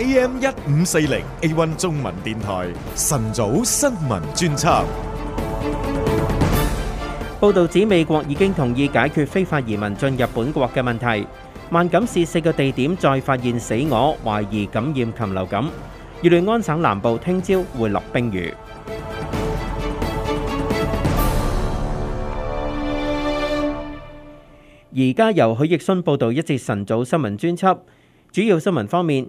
AM 一五四零 A1 中文電台晨早新聞專輯，報道指美國已經同意解決非法移民進入本國嘅問題。萬錦市四個地點再發現死鵝，懷疑感染禽流感。伊利安省南部聽朝會落冰雨。而家由許逸迅報道一節晨早新聞專輯，主要新聞方面。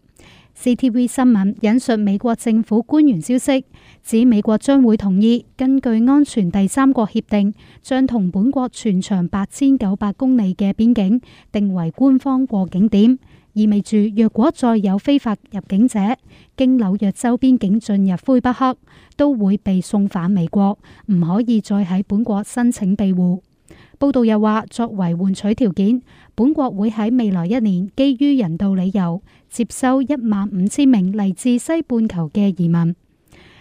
CTV 新聞引述美國政府官員消息，指美國將會同意根據安全第三國協定，將同本國全長八千九百公里嘅邊境定為官方過境點，意味住若果再有非法入境者經紐約州邊境進入魁北克，都會被送返美國，唔可以再喺本國申請庇護。報道又話，作為換取條件，本國會喺未來一年基於人道理由接收一萬五千名嚟自西半球嘅移民。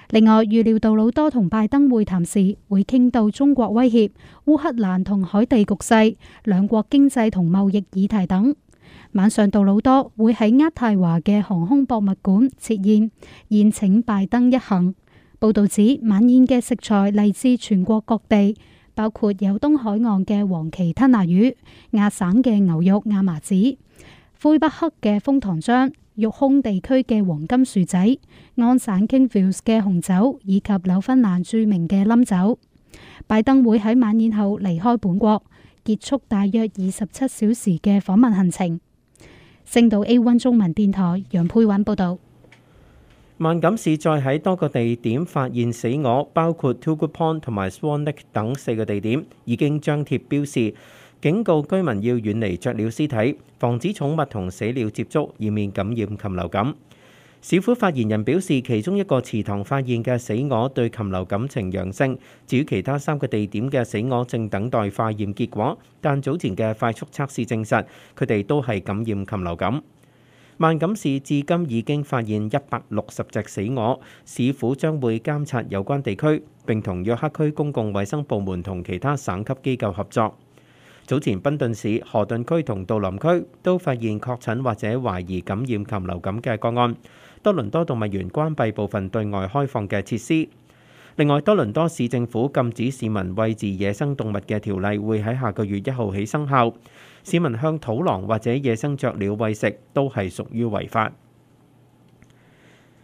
另外，預料杜魯多同拜登會談時會傾到中國威脅、烏克蘭同海地局勢、兩國經濟同貿易議題等。晚上杜魯多會喺渥太華嘅航空博物館設宴宴請拜登一行。報道指晚宴嘅食材嚟自全國各地。包括有東海岸嘅黃鰭吞拿魚、亞省嘅牛肉、亞麻籽、魁北克嘅楓糖漿、育空地區嘅黃金薯仔、安省 Kingfields 嘅紅酒，以及紐芬蘭著名嘅冧酒。拜登會喺晚宴後離開本國，結束大約二十七小時嘅訪問行程。星島 A1 中文電台楊佩韻報導，楊佩允報道。萬錦市再喺多個地點發現死鵝，包括 Toogood Pond 同埋 Swan Lake 等四個地點，已經張貼標示警告居民要遠離雀鳥屍體，防止寵物同死鳥接觸，以免感染禽流感。市府發言人表示，其中一個池塘發現嘅死鵝對禽流感呈陽性，至於其他三個地點嘅死鵝正等待化驗結果，但早前嘅快速測試證實佢哋都係感染禽流感。萬錦市至今已經發現一百六十隻死鵝，市府將會監察有關地區，並同約克區公共衛生部門同其他省級機構合作。早前，賓頓市、河頓區同杜林區都發現確診或者懷疑感染禽流感嘅個案。多倫多動物園關閉部分對外開放嘅設施。另外，多倫多市政府禁止市民餵食野生動物嘅條例會喺下個月一號起生效。市民向土狼或者野生雀鳥餵食都係屬於違法。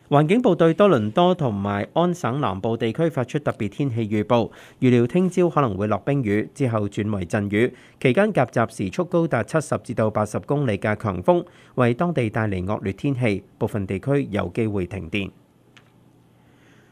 環境部對多倫多同埋安省南部地區發出特別天氣預報，預料聽朝可能會落冰雨，之後轉為陣雨，期間夾雜時速高達七十至到八十公里嘅強風，為當地帶嚟惡劣天氣，部分地區有機會停電。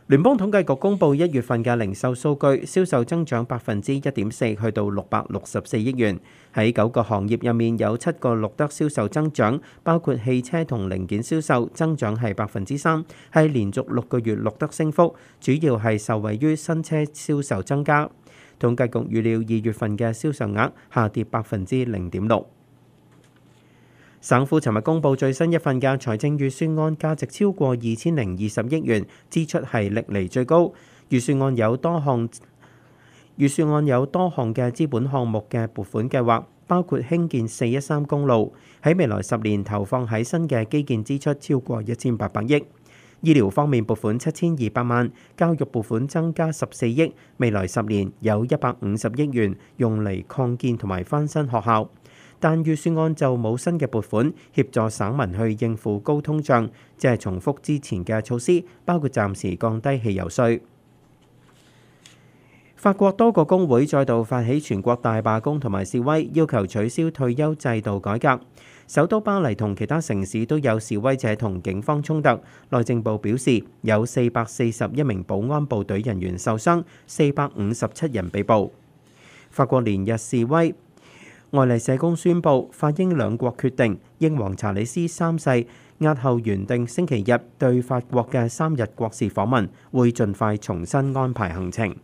聯邦統計局公布一月份嘅零售數據，銷售增長百分之一點四，去到六百六十四億元。喺九個行業入面，有七個錄得銷售增長，包括汽車同零件銷售增長係百分之三，係連續六個月錄得升幅，主要係受惠於新車銷售增加。統計局預料二月份嘅銷售額下跌百分之零點六。省府尋日公布最新一份嘅財政預算案，價值超過二千零二十億元，支出係歷嚟最高。預算案有多項預算案有多項嘅資本項目嘅撥款計劃，包括興建四一三公路，喺未來十年投放喺新嘅基建支出超過一千八百億。醫療方面撥款七千二百萬，教育撥款增加十四億，未來十年有一百五十億元用嚟擴建同埋翻新學校。但預算案就冇新嘅撥款，協助省民去應付高通脹，即係重複之前嘅措施，包括暫時降低汽油稅。法國多個工會再度發起全國大罷工同埋示威，要求取消退休制度改革。首都巴黎同其他城市都有示威者同警方衝突。內政部表示，有四百四十一名保安部隊人員受傷，四百五十七人被捕。法國連日示威。外嚟社工宣布，法英兩國決定，英皇查理斯三世押後原定星期日對法國嘅三日國事訪問，會盡快重新安排行程。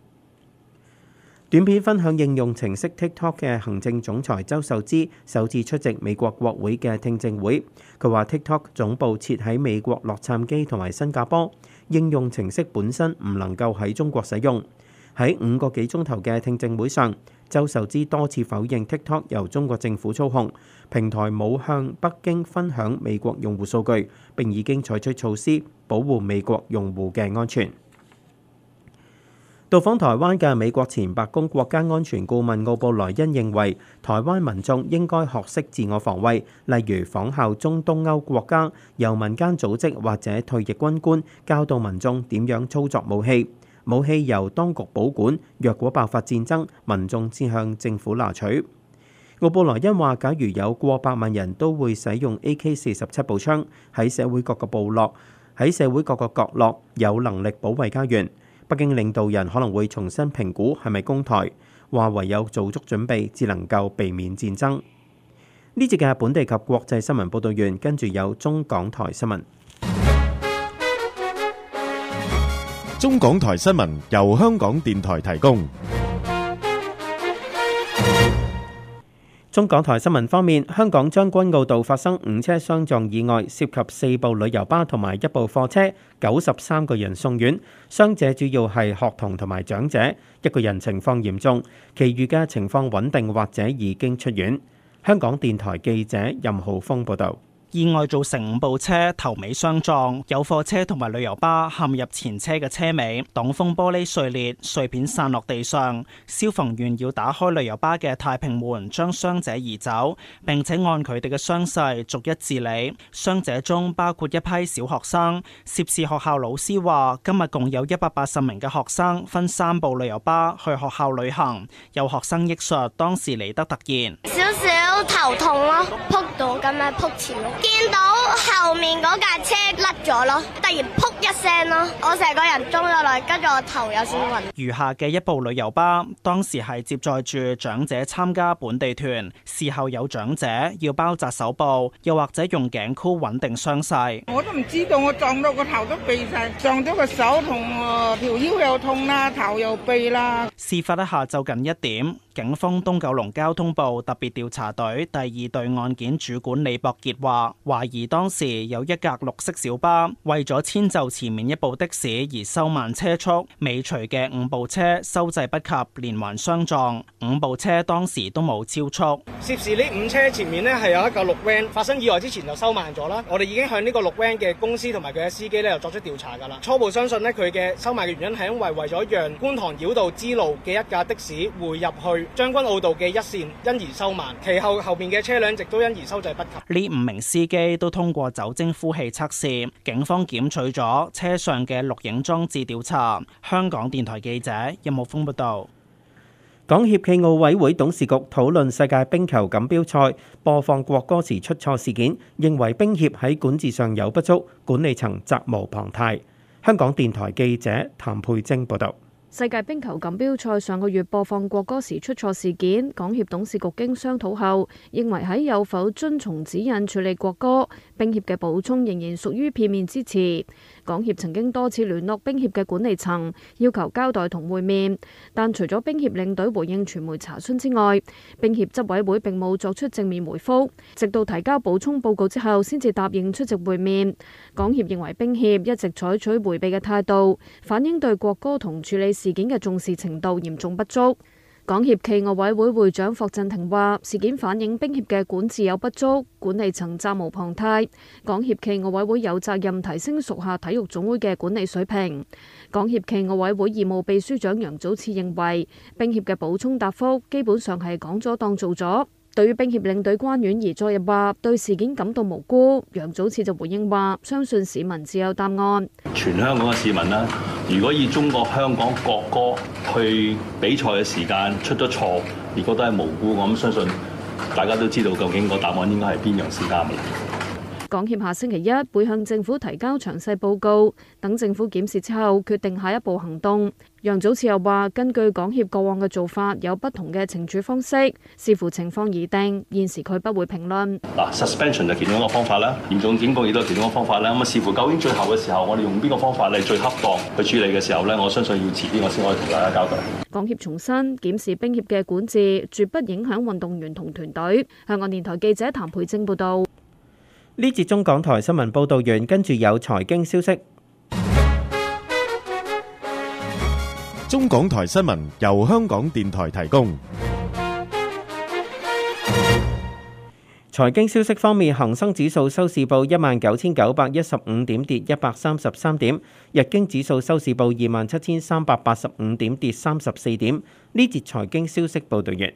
短片分享應用程式 TikTok 嘅行政總裁周受資首次出席美國國會嘅聽證會，佢話 TikTok 總部設喺美國洛杉磯同埋新加坡，應用程式本身唔能夠喺中國使用。喺五個幾鐘頭嘅聽證會上，周受資多次否認 TikTok 由中國政府操控，平台冇向北京分享美國用戶數據，並已經採取措施保護美國用戶嘅安全。到訪台灣嘅美國前白宮國家安全顧問奧布萊恩認為，台灣民眾應該學識自我防衛，例如仿效中東歐國家，由民間組織或者退役軍官教導民眾點樣操作武器。武器由當局保管，若果爆發戰爭，民眾先向政府拿取。奧布萊恩話：假如有過百萬人都會使用 AK 四十七步槍，喺社會各個部落、喺社會各個角落有能力保衞家園，北京領導人可能會重新評估係咪攻台，話唯有做足準備，至能夠避免戰爭。呢節嘅係本地及國際新聞報道員，跟住有中港台新聞。中港台新聞由香港電台提供。中港台新聞方面，香港將軍澳道發生五車相撞意外，涉及四部旅遊巴同埋一部貨車，九十三個人送院，傷者主要係學童同埋長者，一個人情況嚴重，其餘嘅情況穩定或者已經出院。香港電台記者任浩峰報道。意外造成五部車頭尾相撞，有貨車同埋旅遊巴陷入前車嘅車尾，擋風玻璃碎裂，碎片散落地上。消防員要打開旅遊巴嘅太平門，將傷者移走，並且按佢哋嘅傷勢逐一治理。傷者中包括一批小學生。涉事學校老師話，今日共有一百八十名嘅學生分三部旅遊巴去學校旅行，有學生憶述當時嚟得突然，少.頭痛咯，撲到咁樣撲前，見到後面嗰架車甩咗咯，突然撲一聲咯，我成個人撞落嚟，跟住我頭有少少暈。餘下嘅一部旅遊巴，當時係接載住長者參加本地團，事後有長者要包紮手部，又或者用頸箍穩定傷勢。我都唔知道，我撞到個頭都痹晒，撞咗個手同條腰又痛啦，頭又痹啦。事發喺下晝近一點。警方東九龍交通部特別調查隊第二隊案件主管李博杰話，懷疑當時有一架綠色小巴為咗遷就前面一部的士而收慢車速，尾隨嘅五部車收掣不及，連環相撞。五部車當時都冇超速。涉事呢五車前面咧係有一架綠 van，發生意外之前就收慢咗啦。我哋已經向呢個綠 van 嘅公司同埋佢嘅司機咧，又作出調查噶啦。初步相信呢佢嘅收慢嘅原因係因為為咗讓觀塘繞道之路嘅一架的士匯入去。將軍澳道嘅一線因而收慢，其後後面嘅車輛亦都因而收掣不及。呢五名司機都通過酒精呼氣測試，警方檢取咗車上嘅錄影裝置調查。香港電台記者任木峰報道。港協暨奧委會董事局討論世界冰球錦標賽播放國歌時出錯事件，認為冰協喺管治上有不足，管理層責無旁貸。香港電台記者譚佩晶報道。世界冰球錦標賽上個月播放國歌時出錯事件，港協董事局經商討後，認為喺有否遵從指引處理國歌，冰協嘅補充仍然屬於片面之詞。港協曾經多次聯絡冰協嘅管理層，要求交代同會面，但除咗冰協領隊回應傳媒查詢之外，冰協執委會並冇作出正面回覆，直到提交補充報告之後，先至答應出席會面。港協認為冰協一直採取回避嘅態度，反映對國歌同處理事件嘅重視程度嚴重不足。港協暨奧委會會長霍震霆話：事件反映冰協嘅管治有不足，管理層責無旁貸。港協暨奧委會有責任提升屬下體育總會嘅管理水平。港協暨奧委會義務秘書長楊祖熾認為，冰協嘅補充答覆基本上係講咗當做咗。對於冰協領隊關婉兒昨日話對事件感到無辜，楊祖慈就回應話：相信市民自有答案。全香港嘅市民啦，如果以中國香港國歌去比賽嘅時間出咗錯，如果都係無辜咁，我相信大家都知道究竟個答案應該係邊樣先啱。港協下星期一會向政府提交詳細報告，等政府檢視之後決定下一步行動。楊祖慈又話：根據港協過往嘅做法，有不同嘅懲處方式，視乎情況而定。現時佢不會評論。嗱，suspension 就其中一個方法啦，嚴重警告亦都其中一個方法啦。咁啊，視乎究竟最後嘅時候，我哋用邊個方法嚟最恰當去處理嘅時候咧，我相信要遲啲我先可以同大家交代。港協重申檢視冰協嘅管治，絕不影響運動員同團隊。香港電台記者譚佩貞報導。呢節中港台新聞報道完，跟住有財經消息。中港台新聞由香港電台提供。財經消息方面，恒生指數收市報一萬九千九百一十五點，跌一百三十三點，日經指數收市報二萬七千三百八十五點，跌三十四點。呢節財經消息報道完。